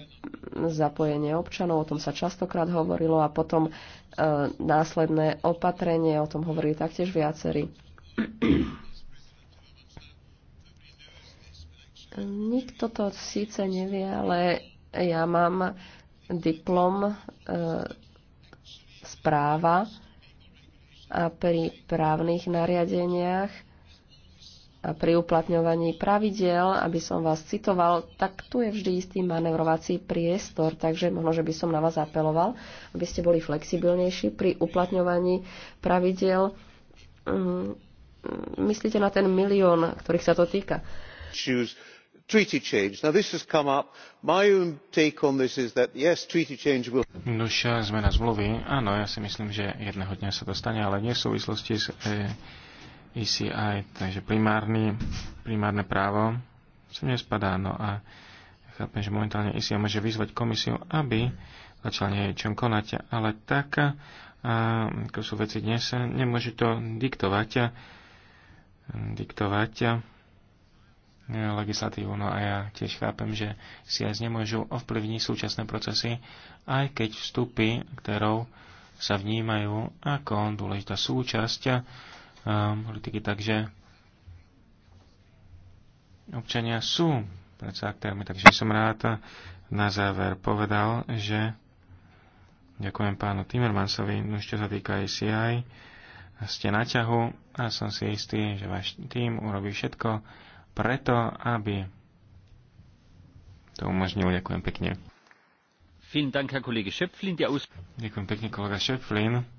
zapojenie občanov, o tom sa častokrát hovorilo a potom e, následné opatrenie, o tom hovorí taktiež viacerí. Nikto to síce nevie, ale ja mám diplom e, správa a pri právnych nariadeniach a pri uplatňovaní pravidel, aby som vás citoval, tak tu je vždy istý manevrovací priestor, takže možno, že by som na vás apeloval, aby ste boli flexibilnejší pri uplatňovaní pravidel. Mm, mm, myslíte na ten milión, ktorých sa to týka. Choose treaty change. Now this has come up. My own take on this is that yes, treaty change will... zmena zmluvy. Áno, ja si myslím, že jedného dňa sa dostane, ale nie v súvislosti s ECI, e takže primárny, primárne právo sa nespadá. No a chápem, že momentálne ECI môže vyzvať komisiu, aby začala niečom konať, ale tak, ako sú veci dnes, nemôže to diktovať, diktovať E, legislatívu. No a ja tiež chápem, že si aj nemôžu ovplyvniť súčasné procesy, aj keď vstupy, ktorou sa vnímajú ako dôležitá súčasť e, politiky. Takže občania sú predsa aktérmi, takže som rád na záver povedal, že ďakujem pánu Timmermansovi, no čo sa týka ACI, ste na ťahu a som si istý, že váš tým urobí všetko, preto, aby to umožnilo. Ďakujem pekne. Ďakujem pekne, kolega Šepflin.